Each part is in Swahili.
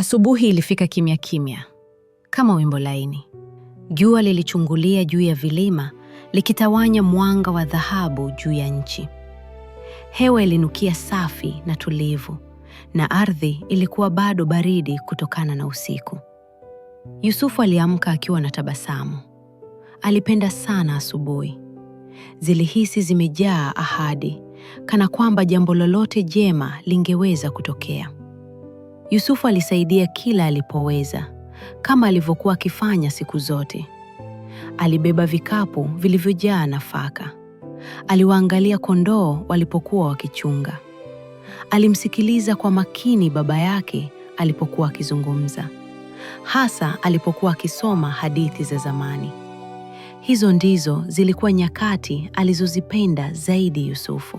Asubuhi ilifika kimya kimya kama wimbo laini. Jua lilichungulia juu ya vilima likitawanya mwanga wa dhahabu juu ya nchi. Hewa ilinukia safi na tulivu, na ardhi ilikuwa bado baridi kutokana na usiku. Yusufu aliamka akiwa na tabasamu. Alipenda sana asubuhi. Zilihisi zimejaa ahadi, kana kwamba jambo lolote jema lingeweza kutokea. Yusufu alisaidia kila alipoweza, kama alivyokuwa akifanya siku zote. Alibeba vikapu vilivyojaa nafaka, aliwaangalia kondoo walipokuwa wakichunga, alimsikiliza kwa makini baba yake alipokuwa akizungumza, hasa alipokuwa akisoma hadithi za zamani. Hizo ndizo zilikuwa nyakati alizozipenda zaidi Yusufu.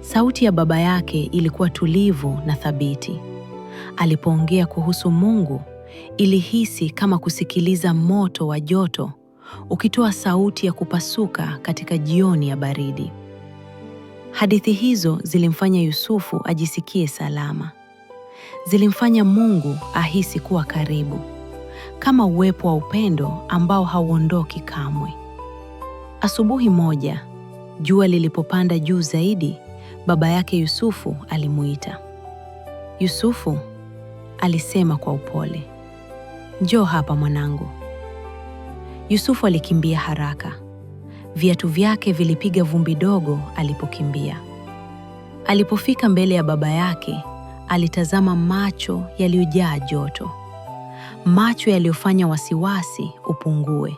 Sauti ya baba yake ilikuwa tulivu na thabiti, alipoongea kuhusu Mungu, ilihisi kama kusikiliza moto wa joto ukitoa sauti ya kupasuka katika jioni ya baridi. Hadithi hizo zilimfanya Yusufu ajisikie salama. Zilimfanya Mungu ahisi kuwa karibu, kama uwepo wa upendo ambao hauondoki kamwe. Asubuhi moja, jua lilipopanda juu zaidi, baba yake Yusufu alimuita. Yusufu, alisema kwa upole, njoo hapa mwanangu. Yusufu alikimbia haraka, viatu vyake vilipiga vumbi dogo alipokimbia. Alipofika mbele ya baba yake, alitazama macho yaliyojaa joto, macho yaliyofanya wasiwasi upungue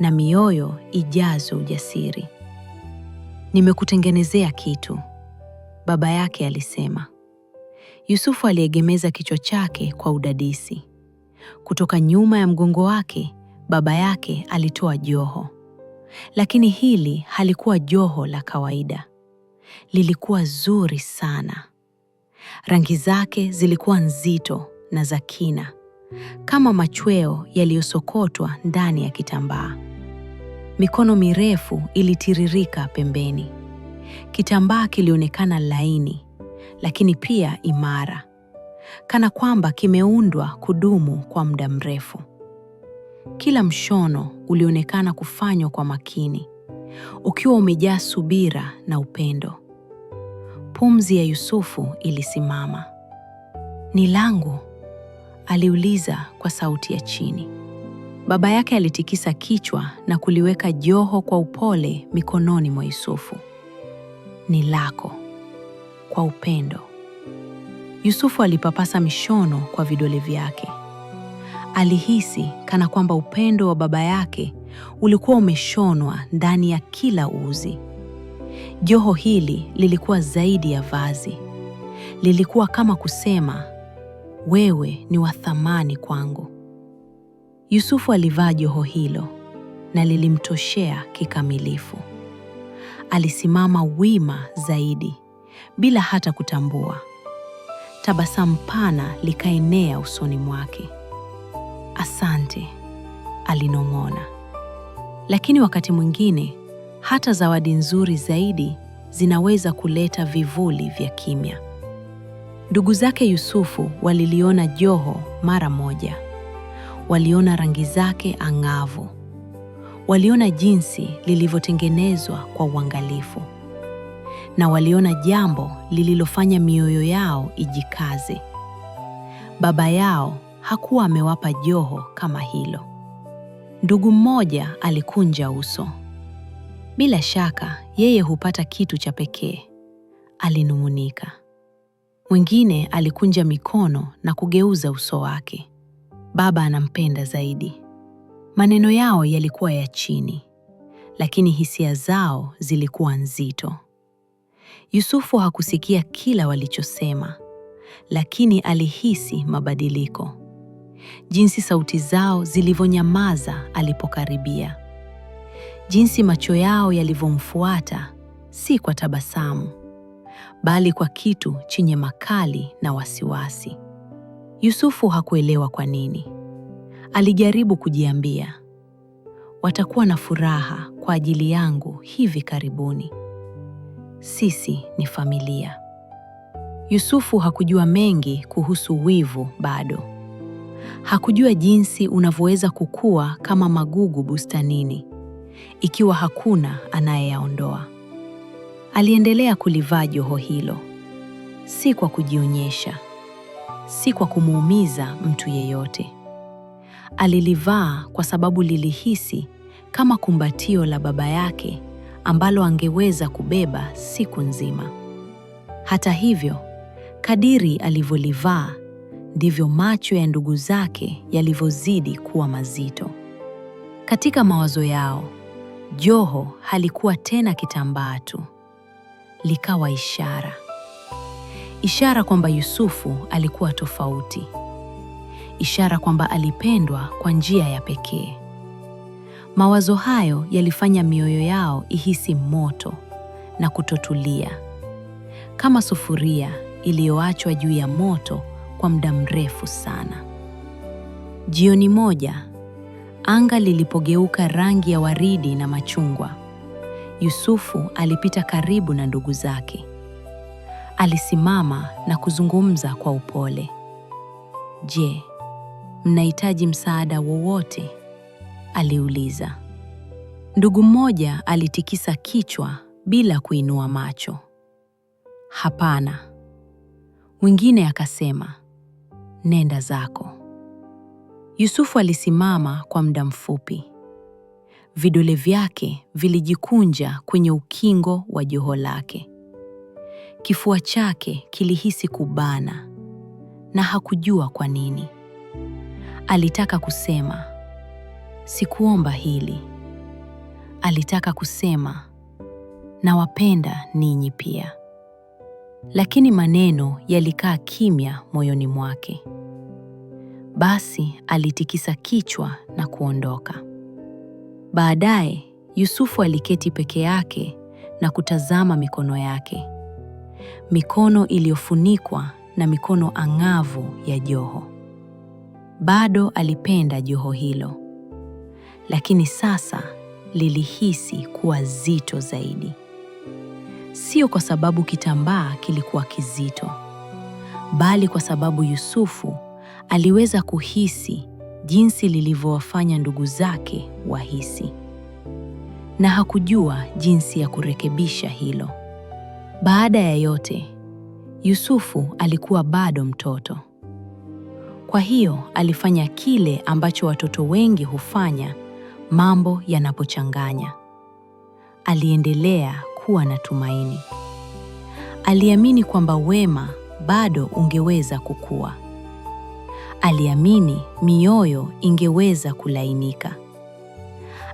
na mioyo ijazo ujasiri. Nimekutengenezea kitu, baba yake alisema. Yusufu aliegemeza kichwa chake kwa udadisi. Kutoka nyuma ya mgongo wake baba yake alitoa joho, lakini hili halikuwa joho la kawaida. Lilikuwa zuri sana. Rangi zake zilikuwa nzito na za kina, kama machweo yaliyosokotwa ndani ya kitambaa. Mikono mirefu ilitiririka pembeni. Kitambaa kilionekana laini lakini pia imara, kana kwamba kimeundwa kudumu kwa muda mrefu. Kila mshono ulionekana kufanywa kwa makini, ukiwa umejaa subira na upendo. Pumzi ya Yusufu ilisimama. Ni langu? aliuliza kwa sauti ya chini. Baba yake alitikisa kichwa na kuliweka joho kwa upole mikononi mwa Yusufu. Ni lako, kwa upendo. Yusufu alipapasa mishono kwa vidole vyake. Alihisi kana kwamba upendo wa baba yake ulikuwa umeshonwa ndani ya kila uzi. Joho hili lilikuwa zaidi ya vazi. Lilikuwa kama kusema, wewe ni wa thamani kwangu. Yusufu alivaa joho hilo na lilimtoshea kikamilifu. Alisimama wima zaidi bila hata kutambua. Tabasamu pana likaenea usoni mwake. Asante, alinong'ona. Lakini wakati mwingine hata zawadi nzuri zaidi zinaweza kuleta vivuli vya kimya. Ndugu zake Yusufu waliliona joho mara moja. Waliona rangi zake ang'avu. Waliona jinsi lilivyotengenezwa kwa uangalifu na waliona jambo lililofanya mioyo yao ijikaze. Baba yao hakuwa amewapa joho kama hilo. Ndugu mmoja alikunja uso. Bila shaka yeye hupata kitu cha pekee, alinung'unika. Mwingine alikunja mikono na kugeuza uso wake. Baba anampenda zaidi. Maneno yao yalikuwa ya chini, lakini hisia zao zilikuwa nzito. Yusufu hakusikia kila walichosema, lakini alihisi mabadiliko, jinsi sauti zao zilivyonyamaza alipokaribia, jinsi macho yao yalivyomfuata, si kwa tabasamu, bali kwa kitu chenye makali na wasiwasi. Yusufu hakuelewa kwa nini. Alijaribu kujiambia, watakuwa na furaha kwa ajili yangu hivi karibuni sisi ni familia. Yusufu hakujua mengi kuhusu wivu bado. Hakujua jinsi unavyoweza kukua kama magugu bustanini ikiwa hakuna anayeyaondoa. Aliendelea kulivaa joho hilo, si kwa kujionyesha, si kwa kumuumiza mtu yeyote. Alilivaa kwa sababu lilihisi kama kumbatio la baba yake ambalo angeweza kubeba siku nzima. Hata hivyo, kadiri alivyolivaa ndivyo macho ya ndugu zake yalivyozidi kuwa mazito. Katika mawazo yao, joho halikuwa tena kitambaa tu, likawa ishara, ishara kwamba Yusufu alikuwa tofauti, ishara kwamba alipendwa kwa njia ya pekee. Mawazo hayo yalifanya mioyo yao ihisi moto na kutotulia, kama sufuria iliyoachwa juu ya moto kwa muda mrefu sana. Jioni moja, anga lilipogeuka rangi ya waridi na machungwa, Yusufu alipita karibu na ndugu zake. Alisimama na kuzungumza kwa upole. Je, mnahitaji msaada wowote? aliuliza. Ndugu mmoja alitikisa kichwa bila kuinua macho. Hapana. Mwingine akasema, nenda zako. Yusufu alisimama kwa muda mfupi. Vidole vyake vilijikunja kwenye ukingo wa joho lake. Kifua chake kilihisi kubana na hakujua kwa nini. Alitaka kusema Sikuomba hili. Alitaka kusema nawapenda ninyi pia, lakini maneno yalikaa kimya moyoni mwake. Basi alitikisa kichwa na kuondoka. Baadaye Yusufu aliketi peke yake na kutazama mikono yake, mikono iliyofunikwa na mikono ang'avu ya joho. Bado alipenda joho hilo lakini sasa lilihisi kuwa zito zaidi. Sio kwa sababu kitambaa kilikuwa kizito, bali kwa sababu Yusufu aliweza kuhisi jinsi lilivyowafanya ndugu zake wahisi, na hakujua jinsi ya kurekebisha hilo. Baada ya yote, Yusufu alikuwa bado mtoto. Kwa hiyo alifanya kile ambacho watoto wengi hufanya mambo yanapochanganya. Aliendelea kuwa na tumaini. Aliamini kwamba wema bado ungeweza kukua. Aliamini mioyo ingeweza kulainika.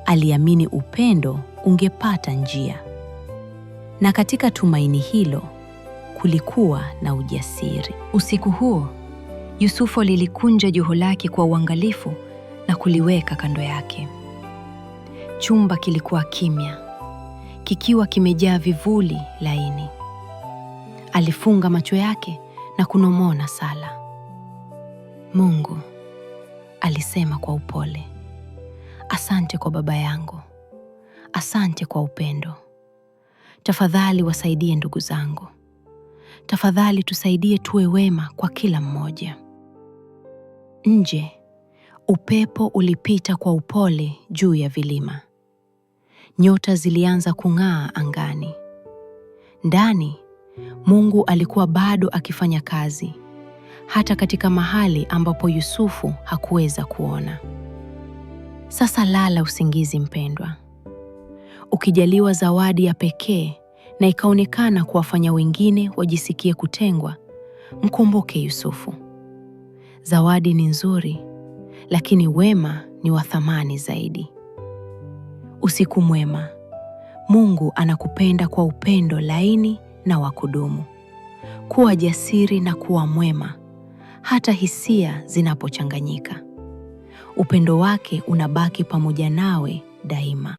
Aliamini upendo ungepata njia. Na katika tumaini hilo kulikuwa na ujasiri. Usiku huo, Yusufu alilikunja joho lake kwa uangalifu na kuliweka kando yake. Chumba kilikuwa kimya, kikiwa kimejaa vivuli laini. Alifunga macho yake na kunong'ona sala. Mungu, alisema kwa upole, asante kwa baba yangu, asante kwa upendo. Tafadhali wasaidie ndugu zangu, tafadhali tusaidie tuwe wema kwa kila mmoja. Nje upepo ulipita kwa upole juu ya vilima nyota zilianza kung'aa angani. Ndani, Mungu alikuwa bado akifanya kazi hata katika mahali ambapo Yusufu hakuweza kuona. Sasa lala usingizi mpendwa, ukijaliwa zawadi ya pekee na ikaonekana kuwafanya wengine wajisikie kutengwa, mkumbuke Yusufu. Zawadi ni nzuri, lakini wema ni wa thamani zaidi. Usiku mwema. Mungu anakupenda kwa upendo laini na wa kudumu. Kuwa jasiri na kuwa mwema hata hisia zinapochanganyika. Upendo wake unabaki pamoja nawe daima.